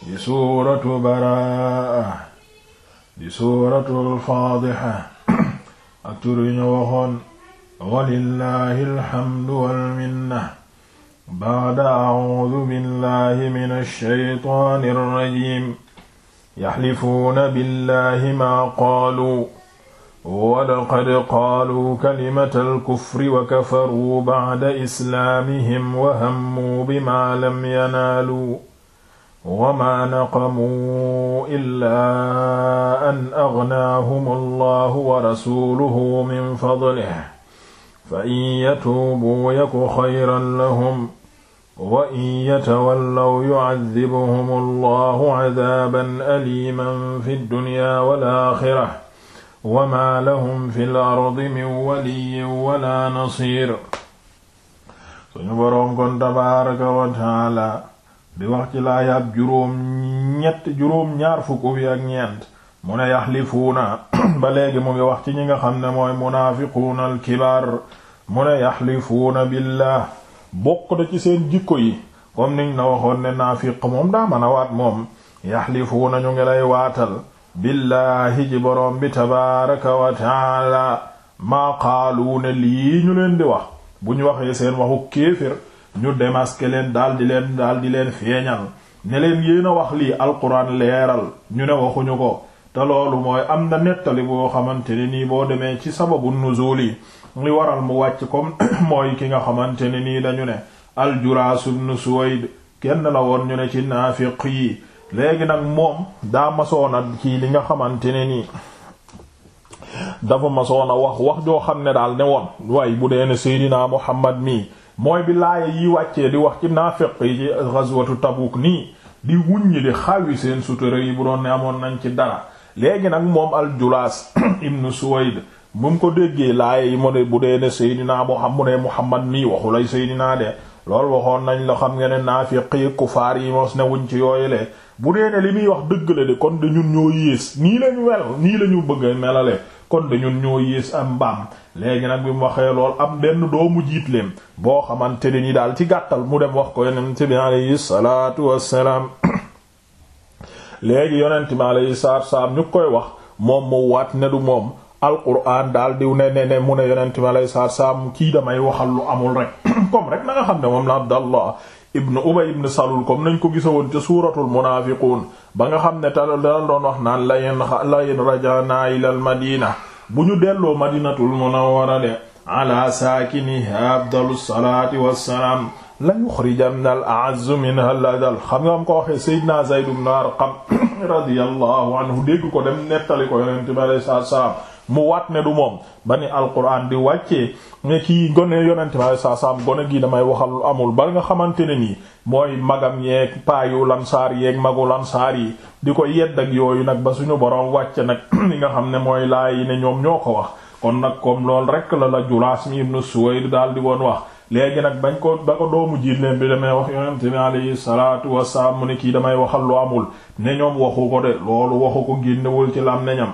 di suuratu baraa di suuratul faadixa ak tur yu ñu waxoon walillahi alhamdu walminna ba'da a'uudu billahi minash shaytaanir rajiim yaxlifuuna billahi maa qaalu walaqad qaalu kalimatal kufri wa kafaruu ba'da islaamihim wa hammuu bimaa lam yanaaluu wama naqamu illaa an agnaahum allahu wa rasuluhu min fadlihi fa in yatuubuu yaku xayran lahum wa in yatawallaw yucadibuhum allahu cadaaban aliiman fi ddunyaa wal-aaxira wama lahum fi l-ardi min waliyyin wala nasiir suñu boroom kon tabaaraka wa taala bi wax ci laayaab juróom ñett juróom ñaar fukk bi ak ñeent mu ne yaxlifuuna ba léegi mu ngi wax ci ñi nga xam ne mooy munaafiquuna alkibaar mu ne yaxlifuuna billah bokk ci seen jikko yi comme niñ la waxoon ne naafiq moom daa mën a waat moom yaxlifuuna ñu ngi lay waatal billaahi ji boroom bi tabaaraka wa taala maa qaalu ne lii ñu leen di wax bu ñu waxee seen waxu kéefër ñu démasqué leen daal di leen daal di leen feeñal ne leen yéen a wax lii alquran leeral ñu ne waxuñu ko te loolu mooy am na nettali boo xamante ne nii boo demee ci sababu nuzuul yi li waral mu wàcc ko mooy ki nga xamante ne nii dañu ne aljuraas ibn suwayd kenn la woon ñu ne ci naafiq yi léegi nag moom daa masoona ci li nga xamante ne nii dafa masoona wax wax joo xam ne daal ne woon way bu dee ne seydinaa muhammad mi mooy bi laaya yi wàccee di wax ci naafiq yi ci ghazwatu Tabuk nii di wuññi di xawi seen sutura yi bu doon ne amoon nañ ci dara léegi nag moom al-Julaas ibn Suwayd bu mu ko déggee laaya yi mu ne bu dee ne Seydina Muhammad mu ne Muhammad mii waxu lay Seydina de loolu waxoon nañ la xam nga ne naafiq yi kufaar yi mos ne wuñ ci yooyulee bu dee ne li muy wax dëgg la de kon de ñun ñoo yées nii lañu wel nii lañu bëgg melale kon de ñun ñoo am mbaam léegi nag bi mu waxee lool am benn doomu jiitleem boo xamante ne ni daal ci gàttal mu dem wax ko yonent bi alayhi salaatu wassalaam léegi yonent bi alayhi salaatu wassalaam ñu koy wax moom mu waat ne du moom alquran daal di ne ne ne mu ne yonent mi alay kii damay waxal lu amul rek comme rek na xam ne moom la Abdallah ibn Ubay ibn Salul comme nañ ko gisawoon ca suuratul munaafiquun ba nga xam ne tal dal wax naan la yeen la yeen rajanaa ilal madina bu ñu delloo madinatul munawwara de ala saakiniha afdalu salaati wassalaam la yuxrijanna al a'azzu minha al adal xam nga am ko waxee Seydina Zayd ibn Arqam radiyallahu anhu dégg ko dem nettali ko yonent mi alay saa saam mu waat ne du moom ba ni alquran di wàccee ne kii gone yonente ma saa saam gone gii damay waxal lu amul ba nga xamante ne nii mooy magam yeeg paayu lamsaar yeeg magu lamsaar yi di ko yedd ak yooyu nag ba suñu borom wàcce nag li nga xam ne mooy laa yi ne ñoom ñoo ko wax kon nag comme lool rek la la julaas mi ibnu suwayd daal di woon wax léegi nag bañ ko ba ko doomu jiit leen bi damay wax yonente bi alayhi salaatu wasalaam mu ne kii damay waxal lu amul ne ñoom waxu ko loolu waxu ko génnewul ci lam neñam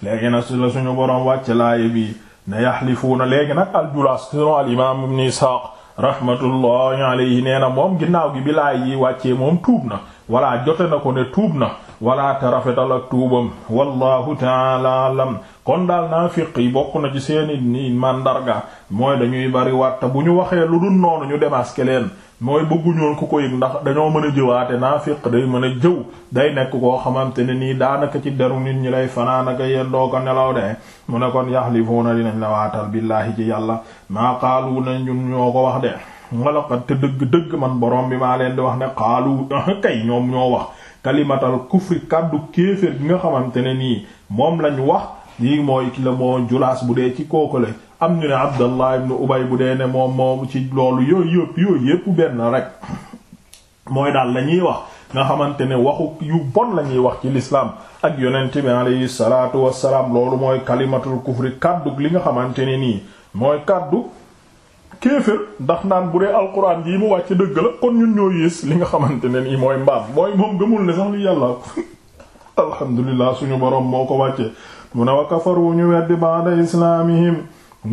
léegi nag su la suñu boroom wàcc laaye bi ne yaxlifuuna léegi nag aljulaas sunu al imaam ibn Isaaq rahmatullahi alayhi nee na moom ginnaaw gi bi laay yi wàccee moom tuub na walla jote na ko ne tuub na wala te rafetal ak tuubam wallahu taala alam kon daal naafiq yi bokk na ci seeni nii màndarga mooy dañuy bari watta bu ñu waxee lu dul noonu ñu démasqué leen mooy bëgguñoon ku ko yëg ndax dañoo mën a jëwaate naafiq day mën a jëw day nekk koo xamante ne nii daanaka ci deru nit ñi lay fanaanaka yéen doo ko nelaw de mu ne kon yaxlifuuna dinañ la waatal billaahi ci yàlla maa qaalu na ñun ñoo ko wax de walaqad te dëgg-dëgg man borom bi maa leen di wax ne xaalu kay ñoom ñoo wax kalimatal kufri kàddu kéeféer gi nga xamante ne nii moom lañu wax lii mooy ki la julaas bu dee ci kookale am ñu ne bu dee ne moom moom ci loolu yooyu yëpp yooyu yëpp benn mooy daal la ñuy wax nga xamante ne waxu yu bon la ñuy wax ci lislaam ak yonent bi alayhi salaatu wassalaam loolu mooy kalimatul kufri kàddu li nga xamante ne nii mooy kàddu kéefër ndax naan bu dee alquran jii mu wàcc dëgg la kon ñun ñoo yées li nga xamante ne nii mooy mbaam mooy moom gëmul ne sax li yàlla ko alhamdulilah suñu borom moo ko wàccee mu ne wa kafaru ñu weddi ba'da islaamihim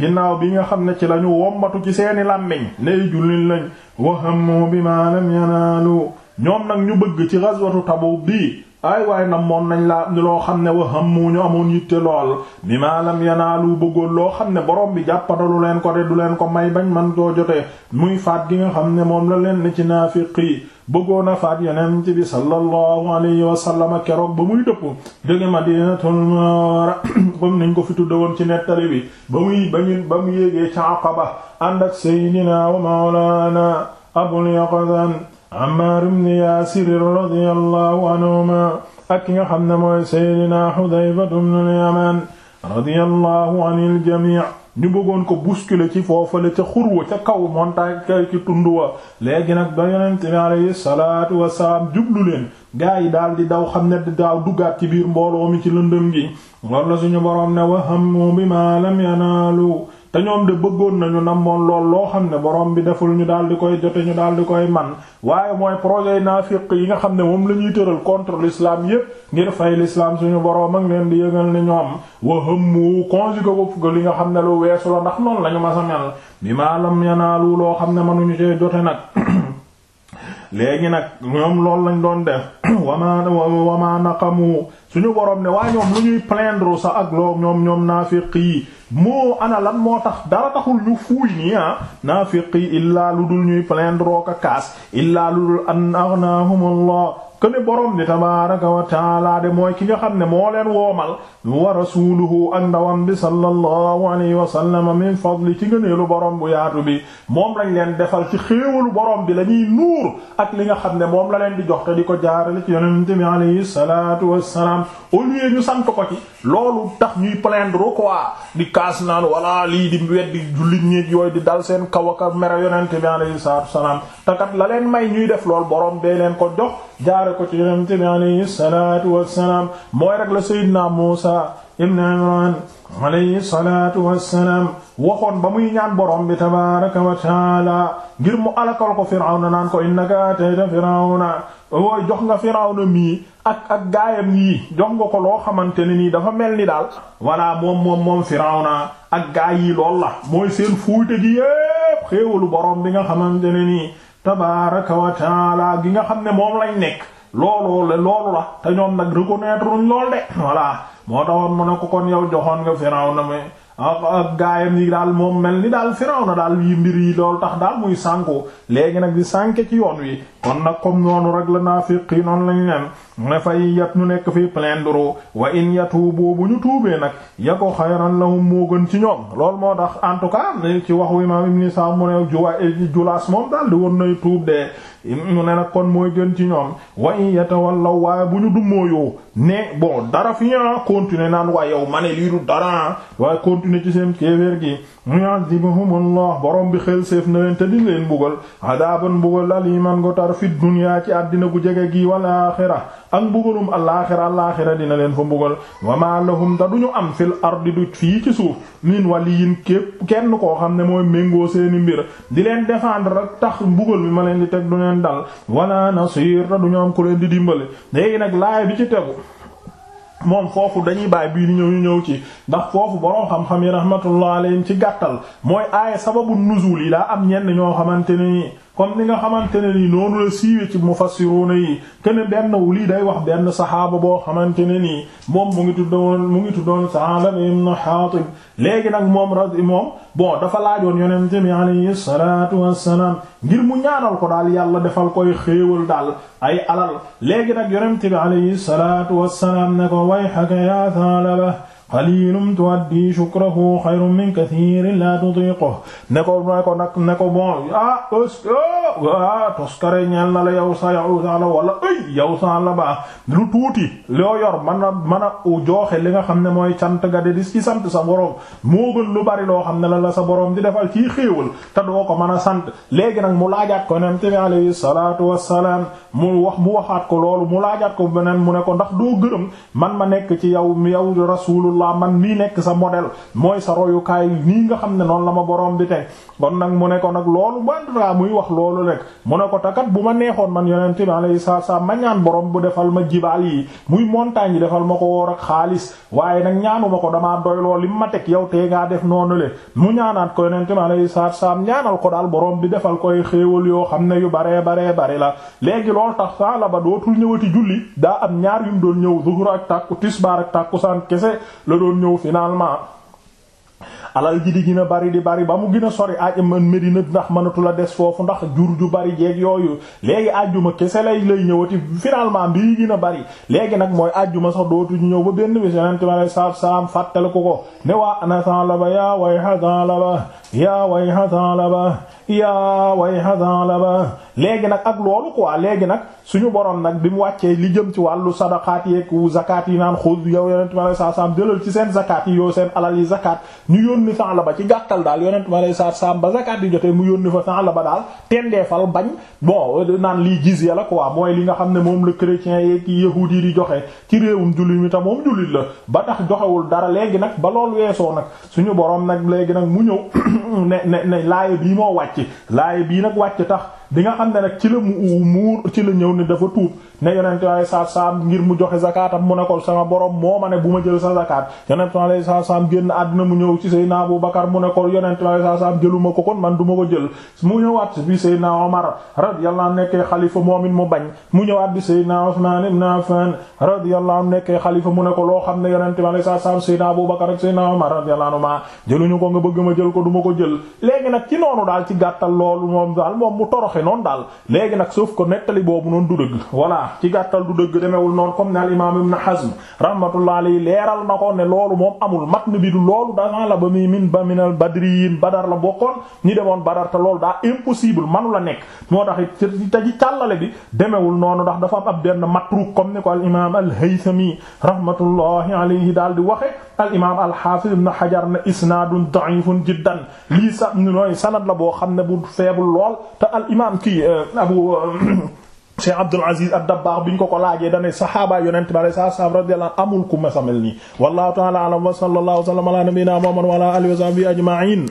ginnaaw bi nga xam ne ci lañu wommatu ci seeni làmmiñ nday jullit lañ wa hammu bima lam yanaalu ñoom nag ñu bëgg ci ghazwatu Tabuk bii ay waaye na moom nañ laa loo xam ne wa mu ñu amoon yitte lool bi maa lam yanaalu bëggoon loo xam ne boroom bi jàppatalu leen ko de du leen ko may bañ man koo jotee muy faat gi nga xam ne moom la leen ne ci naafiqi bëggoon a faat yonent bi sallallahu alayhi wa sallam keroog ba muy dëpp jóge Madinatul Munawwara comme nañ ko fi tudde woon ci nettali bi ba muy ba ba mu yéegee ca Aqaba ànd ak Seydina wa Mawlana Abul Yaqzan Ammaar ibn Yaasir radiyallahu anhuma ak ki nga xam ne mooy Seydina Xudayfa ibn al-Yamaan radiyallahu anil jamii ñu bëggoon ko bousculer ci foofale ca xurwa ca kaw montagne kay ci tund wa léegi nag ba yonent bi alayhi salaatu wasalaam jublu leen gaa yi daal di daw xam ne daaw duggaat ci biir mbooloo mi ci lëndëm gi loolu la suñu boroom ne wa hammu bimaa lam yanaalu te ñoom de bëggoon nañu namoon lool loo xam ne boroom bi deful ñu daal di koy jote ñu daal di koy man waaye mooy projet naafiq yi nga xam ne moom la ñuy tëral contre l'islam yépp ngir fay l'islam suñu borom ak leen di yëgal ne ñoom wa hëmmu conjugué ko li nga xam ne lu weesu la ndax noonu la ñu masa mel bi maalam yanaalu loo xam ne mënuñu cee jote nag léegi nag ñoom loolu lañ doon def wama suñu borom ne waa ñoom lu ñuy plaindre sax ak loo ñoom ñoom naafiq moo ana lan moo tax dara taxul ñu fuuy nii ah naafiqi illaa lu dul ñuy plaindre rooka kaas illaa lu dul an aghnahumullah ne boroom bi tabaaraka wa taala de mooy ki nga xam ne moo leen woomal wa rasuluhu ak ndawam bi sallallahu alayhi wa sallam min fadli ci ngëneelu borom bu yaatu bi moom lañ defal ci xéewalu borom bi la ñuy nuur ak li nga xam ne moom la leen di jox di ko jaarale ci yonent bi alayhi salaatu wassalaam au lieu ñu sant ko ci loolu tax ñuy plaindre quoi di kaas naan wala lii di weddi jullit ñi yooyu di dal seen kaw ak mere yonent bi alayhi la leen may ñuy def lool borom bee leen ko jox jaare ko ci yonent bi alayhi salaatu mooy rek la Seydina Muusa ibn Imran alayhi salaatu wassalaam waxoon ba muy ñaan borom bi tabaaraka wa ngir mu alakal ko Firawna naan ko innaka atayta Firawna wooy jox nga Firawna mii ak ak gaayam yi jox nga ko loo xamante ne nii dafa mel ni daal walla moom moom Firawna ak gaay yi lool la mooy seen fuute gi yépp xéewalu borom bi nga xamante ne nii tabaaraka wa taala gi nga xam ne moom lañ nekk looloo la loolu la te ñoom nag reconnaître uñ lool de voilà moo taxoon mu ne ko kon yow joxoon nga Firawna ab gaayam yi daal moom mel ni daal na daal yi mbir yi loolu tax daal muy sànku léegi nag di sànke ci yoon wi kon nag comme noonu rek la naafiqi noonu lañu nen mu ne fay yat ñu nekk fi plaindre wa in yatuubu bu ñu tuubee nag ya ko xayran lahum moo gën ci ñoom loolu moo tax en tout cas ci waxu imam ibn Sa'd mu ne eh, julaas moom daal di nay tuub de mu ne nag kon mooy gën ci ñoom wa in yatawallaw waaye bu ñu dummóoyoo ne bon dara fi continuer naan waaye yow ma ne lii du dara waaye continuer ci seen kéeféer gi yu'adhibuhum allah borom bi xel séef na leen te di leen mbugal adaaban mbugal aliman go tar fi dunya ci àddina gu jege gi wal axira ak mbugalum alaaxira alaaxira dina leen fa mbugal wa la lahum da duñu am fil ardi du fii ci suuf min waliyin képp kenn koo xam ne mooy méngoo seeni mbir di leen défendre ak tax mbugal mi ma leen di teg du leen dal wala nasir da duñu am ku leen di dimbale léegi nag laay bi ci tegu moom foofu dañuy bàyyi bii ni ñëw ñu ñëw ci ndax foofu boroom xam-xam yi rahmatullah alayhim ci gàttal mooy aaya sababu nuzul yi daa am ñenn ñoo xamante nii comme ni nga xamante ne nii noonu la siiwee ci mufassiruna yi kenn benn wu lii day wax benn saxaaba boo xamante ne nii moom mu ngi tuddoon mu ngi tuddoon Sa'laba ibn Haatib léegi nag moom radi moom bo dafa laajoon yonent bi alayhi salaatu wassalaam ngir mu ñaanal ko daal yàlla defal koy xéewal daal ay alal léegi nag yonent bi alayhi salaatu wassalaam ne ko wayhaka ya Sa'laba qalilum tuaddi shukrahu xayrun min kathirin la tutiquhu ne ko ne ko nag ne ko bon ah est ah toskare ñeel na la yow sa yow sa la wala ay yow sa la ba lu tuuti loo yor man a man a li nga xam ne mooy sant ga de di ci sant sa borom moo gën lu bari loo xam ne la la sa borom di defal ci xéewal te doo ko mën a sant léegi nag mu laajaat ko nem te bi alayhi salaatu wassalaam mu wax mu waxaat ko loolu mu laajaat ko beneen mu ne ko ndax doo gërëm man ma nekk ci yow yow rasul abdullah man mii nekk sa modèle mooy sa royukaay nii nga xam ne noonu la ma borom bi teg kon nag mu ne ko nag loolu banduraa muy wax loolu rek mu ne ko takat bu ma neexoon man yonente bi alayhi salaatu salaam ma ñaan borom bu defal ma jibaal yi muy montagne yi defal ma ko woor ak xaalis waaye nag ñaanu ma ko damaa doy lool li ma teg yow tee ngaa def noonu le mu ñaanaat ko yonente bi alayhi salaatu salaam ko daal borom bi defal koy xéewal yoo xam ne yu baree baree bari la léegi loolu tax saala ba dootul ñëwati julli daa am ñaar yum doon ñëw zuhur ak tàkku tisbaar kese la doon ñëw finalement alal ji di gën a bari di bari ba mu gën a sori aaj man Medina ndax mënatu la des foofu ndax jur ju bari jeeg yooyu léegi àjjuma kese lay lay ñëwati finalement bii gën bari léegi nag mooy àjjuma sax dootuñu ñëw ba benn bés yonent ma lay saab saam fàttali ko ko ne waa ana thalaba yaa wayha thalaba yaa wayha thalaba yaa wayha thalaba léegi nag ak loolu quoi léegi nag suñu borom nag bi mu wàccee li jëm ci wàllu sadaqaat yeeg wu yi naan yow yonent bi alayhi salaam ci seen zakat yow seen alal yi zakat ñu yónni san la ba ci gàttal daal yonent bi alayhi salaam ba zakat yi jotee mu yónni fa san la ba daal tendeefal bañ bon naan lii gis ya la quoi mooy li nga xam ne moom la chrétien yeeg yahuud yi di joxe ci réewum jullit mi ta moom jullit ba tax dara léegi nag ba lool weesoo nag suñu borom nag léegi nag mu ñëw ne ne laaya bii moo wàcc laaya bii nag wàcc tax bi nga xam ne nag ci la mu muur ci la ñëw ne dafa tuub ne yonent alayhi salaatu salaam ngir mu joxe zakaatam mu ne sama borom moo ma ne bu ma jël sa zakaat yonent alayhi salaatu salaam génn mu ñëw ci Seydina Abu Bakar mu ne ko yonent alayhi salaatu salaam jëluma ko kon man du ma ko jël mu ñëwaat bi Seydina Omar radiyallahu anhu nekkee xalifa moom it mu bañ mu ñëwaat bi Seydina Usmaan ibn Affaan radiyallahu anhu nekkee xalifa mu ne ko loo xam ne yonent alayhi salaatu salaam Seydina Abu Bakar ak Seydina Omar jëluñu ko nga bëgg ma jël ko duma ko jël léegi nag ci ci gàttal loolu moom daal moom noon daal léegi nag sauf ko nekkali boobu noonu du dëgg voilà ci gàttal du dëgg demewul noonu comme ne al imam ibn Hazm rahmatullah alayhi leeral na ko ne loolu moom amul matn bi du loolu dafa la ba muy min ba minal badriyin badar la bokkoon ñi demoon badar te loolu daa impossible manu la nekk moo tax it te ci càllale bi demewul noonu ndax dafa am ab benn matruk comme ni ko al imam al haythami rahmatullahi alayhi daal di waxe al imaam al xaafiz ibn xajar ne isnaadun da'ifun jiddan lii sax nooy sanad la boo xam ne bu faible lool te al imaam kii euh, abu Cheikh Abdul Aziz ad-Dabbagh bi ñu ko ko laajee da ne saxaaba yonent bi alayhi salaam radiyallahu amul ku ma samel nii wallahu ta'ala a'lam wa sallallahu wa sallama ala nabiyyina Muhammad wa ala alihi wa sahbihi ajma'in